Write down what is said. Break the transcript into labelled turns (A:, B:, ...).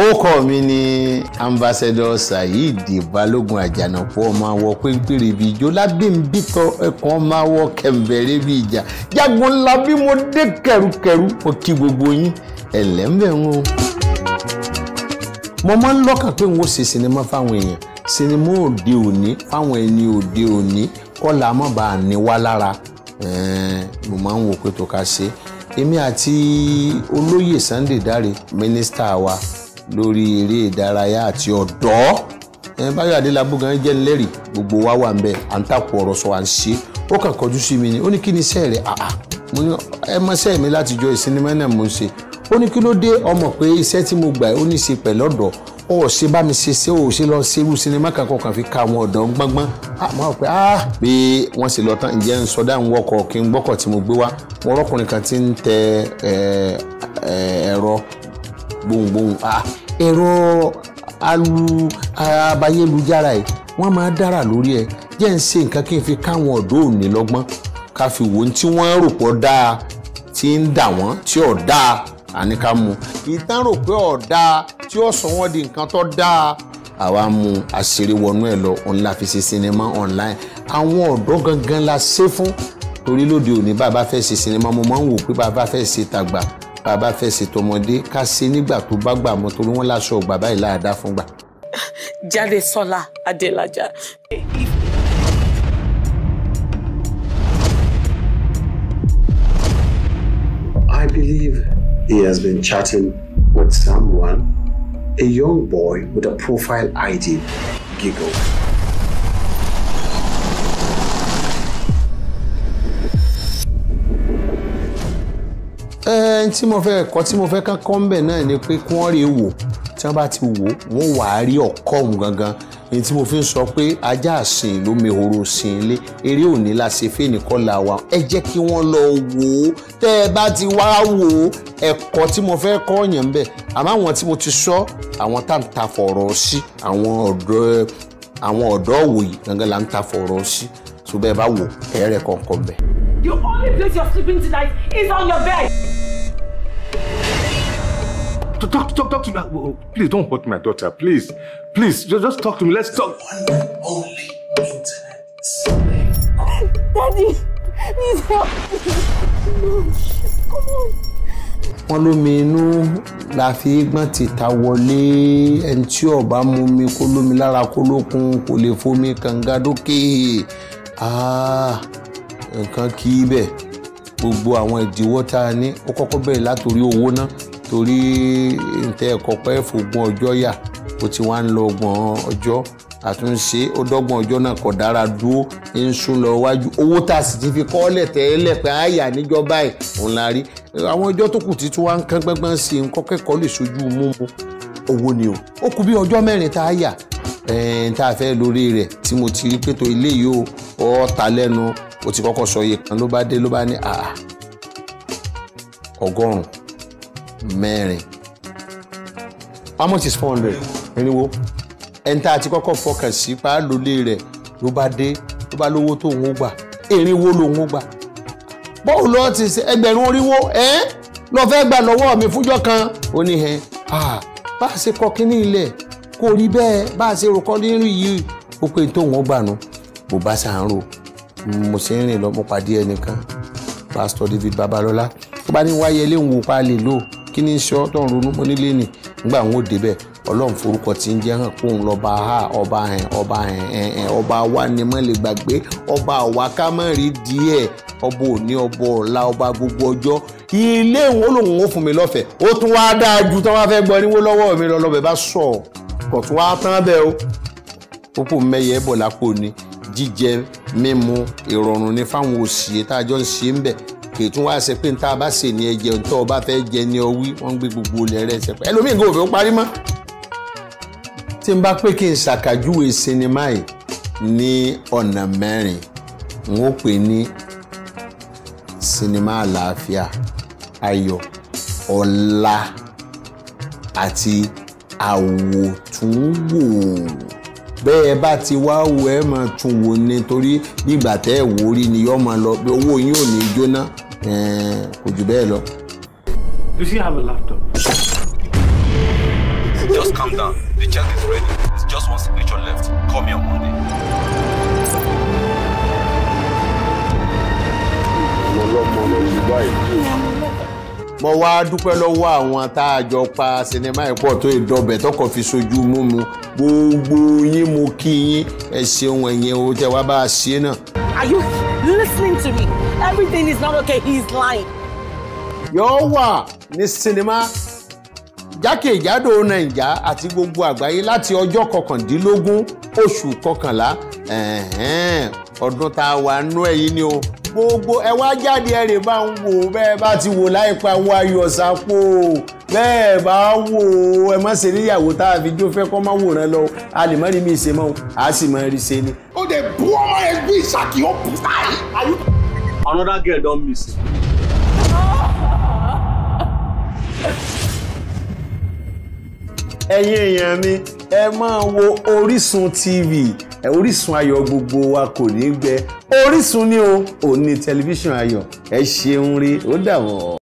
A: orúkọ mi ni ambassadọ saheed balógun àjànàkú ọmọ àwọ péńpéré bíi ijó lábẹ́ńbítọ́ ẹ̀kan ọmọ àwọ kẹ̀m̀bẹ̀rẹ̀ bíi ìjà jagun ńlá bí mo dé kẹ̀rùkẹ̀rù mo kí gbogbo yín ẹ̀lẹ́m̀bẹ̀ o. mo máa ń lọ́kàn pé n ó ṣe sinimá fáwọn èèyàn sinimá òde òní fáwọn ẹni òde òní kọ́lá má bàa ní wá lára mo máa ń wò pé tó ká ṣe èmi àti olóyè sunday dáre mínísítà wa lórí eré ìdárayá àti ọ̀dọ́ báyọ̀ adélábù gan jẹ́ lẹ́rìí gbogbo wa wà ń bẹ à ń tàpọ̀ ọ̀rọ̀ sọ à ń ṣe ó kàn kọjú sí mi ni ó ní kí ni iṣẹ́ rẹ̀ àà mo ní ẹ mọ́ṣẹ́ mi láti jọ ìsinimá náà mo ń ṣe ó ní kí ló dé ọmọ pé iṣẹ́ tí mo gbà ó ní í ṣe pẹ̀lú ọ̀dọ́ ó ṣe bá mi ṣe ṣé ó ṣe lọ ṣerú sinimá kankan kan fi ka àwọn ọ̀dọ́ gbọ́ngbọ́n àmọ́ pé á pé wọ́n ṣe lọ tán ǹjẹ́ ń sọdá ń wọkọ̀ kí n gbọ́kọ̀ tí mo gbé wá wọn ọlọ́kùnrin kan ti ń tẹ ẹ̀rọ gbohùngbohùn ẹ̀rọ alu abayélujára yìí wọ́n máa dára lórí ẹ̀ jẹ́ ń ṣe nǹkan kí n fi káwọn ọ̀dọ́ òní lọ́gbọ́n ká fi wò ní tí wọ́n rò pọ̀ dáa tí ń dà wọ́n tí ò dáa àní ká mu ìtàn rò pé ò dáa tí ó sọ wọ́n di nǹkan tó dáa àwa mu àṣírí wọnú ẹ̀ lọ òun la fi ṣe sinimá online àwọn ọ̀dọ́ gangan la ṣe fún torí lóde òní bàbá fẹ́ ṣe sinimá mo máa ń wò pé bàbá fẹ́ ṣe tàgbà bàbá fẹ́ ṣe tọmọdé ká ṣe nígbà tó bá gbà mọ́ torí wọ́n láṣọ ọgbà báyìí láàdá fún gbà. Jádesọ́lá Adélájà. I believe he has been chatting with someone, a young boy with a profile ID, Giggle. tí mo fẹ́ kọ́ tí mo fẹ́ kán kọ́ ńbẹ̀ náà ni pé kí wọ́n rè wò tí wọ́n bá ti wò wọ́n wà á rí ọ̀kọ́ òun gangan èyí tí mo fi ń sọ pé ajá àsìn ló mehoro sin ilé eré òní la ṣe fẹ́ nìkan là wà ẹ jẹ́ kí wọ́n lọ wò ó tẹ́ ẹ bá ti wá wò ó ẹ̀kọ́ tí mo fẹ́ kọ́ yẹn bẹ́ẹ̀ àmọ́ àwọn tí mo ti sọ àwọn tá à ń ta fọ̀rọ̀ sí àwọn ọ̀dọ́ àwọn ọ̀dọ́ òwòyí gangan là ń ta fọ̀rọ̀ sí tó bẹ́ẹ̀ bá wò ẹ̀rẹ̀ kọ̀ọ̀kan bẹ́ẹ̀. The only place you're sleeping tonight is on your bed. Talk, talk, talk, talk to me. Oh, oh, please don't hurt my daughter. Please, please, just, just talk to me. Let's talk. Only internet. Daddy, please help me. No, come on. wọ́n lómi inú la fi gbọ́n ti ta wọlé ẹni tí ọba mú mi kó lómi lára kó lókun kò lè fomi kànga dókè ah, nǹkan kì í bẹ̀ gbogbo àwọn ìdíwọ́ tá a ní ó kọ́kọ́ bẹ̀rẹ̀ látòrí owó náà torí ntẹ ẹ̀kọ́ pẹ́ fògùn ọjọ́ yà ó ti wá ń lọ ọgbọ̀n ọjọ́ àtúnṣe ó dọ́gbọ̀n ọjọ́ náà kò dára dúró ń sún lọ wájú owó tá a sì ti fi kọ́lẹ̀ tẹ́lẹ̀ pé àyà níjọba ẹ̀ òun la rí àwọn ọjọ́ tó kù títún wá ń kán gbẹ́ngbẹ́n sí i nǹkan kẹ́kọ̀ọ́ lè sojú mú owó ni o ó kù bí ọjọ́ mẹ́rin tá a yà eh, tá a fẹ́ lórí rẹ̀ tí mo ti rí pétó ilé yìí ó ta lẹ́nu ó ti kọ́kọ́ sọ iye kan ló bá dé ló bá ní ọgọ́rùn-ún mẹ́rin how much is four hundred irinwó ẹni tá a ti kọ́kọ́ fọkàn sí paálólé rẹ̀ ló bá dé ló bá lówó tó òun ó gbà irinwó lòun ó gbà bọ́ọ̀ lọ ti ṣe ẹgbẹ̀rún oríwó ẹ́ lọ fẹ́ gbà lọ́wọ́ mi fújọ́ kan ó ní ẹ bá a ṣe kọ́ kínní ilẹ̀ kò rí bẹ́ẹ̀ bá a ṣe rọkọ́ nínú yìí ó pé tóun ó gbà nù bó bá ṣàárò mo ṣe ń rìn lọ mo pàdé ẹnìkan pásítọ̀ David Babalọ́lá tó bá ní wáyé ilé pa lè lò kí ni sọ tó ń ronú mọ́ nílé nì nígbà wọn ò débẹ̀ ọlọ́run forúkọ tí ń jẹ́ hàn kóun lọ́ba ha ọba hàn ọba hàn hàn ọba wa ni mọ́ lè gbàgbé ọba àwa ká mọ́ rí díẹ̀ ọba òní ọba ọ̀la ọba gbogbo ọjọ́ ilé ìwọ lòun ó fún mi lọ́fẹ̀ẹ́ ó tún wá dáa ju tán wá fẹ́ gbọ́ níwó lọ́wọ́ mi lọ́lọ́bẹ̀ bá sọ̀ kọ̀ tún wá tán bẹ́ẹ̀ o pópó mẹ́yẹ bọ̀ lápò ni jíjẹ mímu ìrọ̀rùn ni fáwọn òṣìṣẹ́ tá a jọ ń ṣe ń bẹ̀ kì í tún wá ṣe pé n tá a bá ṣe ní ẹ jẹun tó o bá fẹ́ jẹ ní ọwí wọ́n gbé gbogbo olè rẹ̀ ṣe pé ẹlòmíì nǹkan òfin ó parí mọ́. tí n bá pé kí n ṣàkàjúwe sinimá yìí ní ọ̀nà mẹ́rin n ó pè ní sinimá àlàáfíà ayọ̀ ọ̀la àti àwòtúnwò bẹ́ẹ̀ ẹ bá ti wá wò ẹ máa tún wò ni torí gbígbà tẹ́ ẹ̀ wò rí ni yọ́ máa lọ pé owó yín ò ní jóná kò jù bẹ́ẹ̀ lọ. Does he have a laptop? Just calm down. The check is ready. It's just one signature left. Call me on Monday. Ọlọ́mọ lọ sí báyìí mo wá dúpẹ́ lọ́wọ́ àwọn tá a jọ pa sinimá ẹ̀pọ̀ tó ìdọ̀bẹ̀ tọkọ̀ fi sojú mú mu gbogbo yín mo kí yín ẹ ṣeun ẹ̀yìn o tẹ wá bá a ṣe náà. Are you listening to me? Everything is not okay. He is lying. yóò wà ní sinimá jákèjádò nàìjà àti gbogbo àgbáyé láti ọjọ́ kọkàndínlógún oṣù kọkànlá ọdún tá a wà nú ẹ̀yìn ni o gbogbo ẹ wá jáde ẹ lè máa ń wò bẹ́ẹ̀ bá ti wò láìpẹ́ àwọn ayọ̀ ṣàpò bẹ́ẹ̀ bá wò ẹ má ṣe níyàwó tá a fi jó fẹ́ kọ́ má wòran lọ a lè má rí mi ṣe mọ́ a sì má rí ṣe ni. ó lè bu ọmọ rẹ bí ìṣàkì ó bù táyì. another girl don miss it. ẹ̀yin èèyàn mi ẹ máa wo Orísun TV orísun ayọ̀ gbogbo wa kò ní gbẹ orísun ni o òní tẹlifíṣàn ayọ̀ ẹ ṣeun rí ó dàbọ̀.